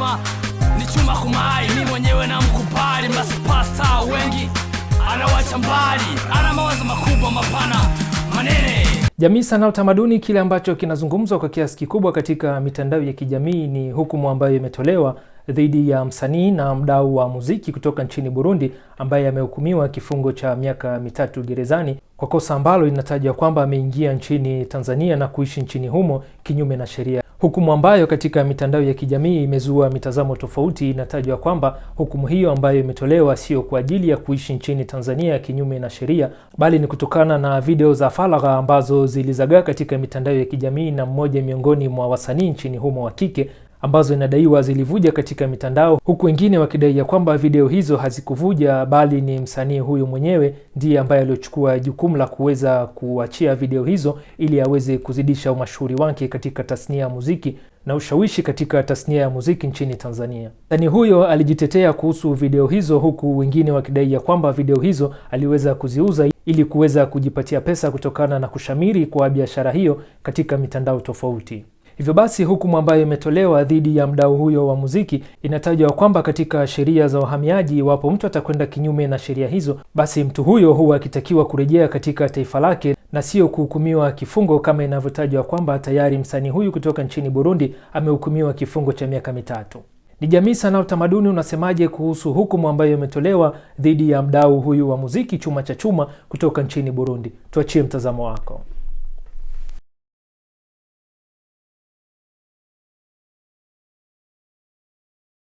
chuma ni chuma kumai, mi mwenyewe na mkupali masupasta wengi anawacha mbali, ana mawazo makubwa mapana manene. Jamii, sana utamaduni, kile ambacho kinazungumzwa kwa kiasi kikubwa katika mitandao ya kijamii ni hukumu ambayo imetolewa dhidi ya msanii na mdau wa muziki kutoka nchini Burundi ambaye amehukumiwa kifungo cha miaka mitatu gerezani kwa kosa ambalo linatajwa kwamba ameingia nchini Tanzania na kuishi nchini humo kinyume na sheria. Hukumu ambayo katika mitandao ya kijamii imezua mitazamo tofauti, inatajwa kwamba hukumu hiyo ambayo imetolewa sio kwa ajili ya kuishi nchini Tanzania kinyume na sheria, bali ni kutokana na video za falagha ambazo zilizagaa katika mitandao ya kijamii na mmoja miongoni mwa wasanii nchini humo wa kike ambazo inadaiwa zilivuja katika mitandao, huku wengine wakidai ya kwamba video hizo hazikuvuja, bali ni msanii huyu mwenyewe ndiye ambaye aliochukua jukumu la kuweza kuachia video hizo ili aweze kuzidisha umashuhuri wake katika tasnia ya muziki na ushawishi katika tasnia ya muziki nchini Tanzania. Msanii huyo alijitetea kuhusu video hizo, huku wengine wakidai ya kwamba video hizo aliweza kuziuza ili kuweza kujipatia pesa kutokana na kushamiri kwa biashara hiyo katika mitandao tofauti. Hivyo basi hukumu ambayo imetolewa dhidi ya mdau huyo wa muziki inatajwa kwamba katika sheria za uhamiaji, iwapo mtu atakwenda kinyume na sheria hizo, basi mtu huyo huwa akitakiwa kurejea katika taifa lake na sio kuhukumiwa kifungo kama inavyotajwa kwamba tayari msanii huyu kutoka nchini Burundi amehukumiwa kifungo cha miaka mitatu. Ni jamii sana, utamaduni unasemaje kuhusu hukumu ambayo imetolewa dhidi ya mdau huyu wa muziki Chuma cha Chuma kutoka nchini Burundi? Tuachie mtazamo wako.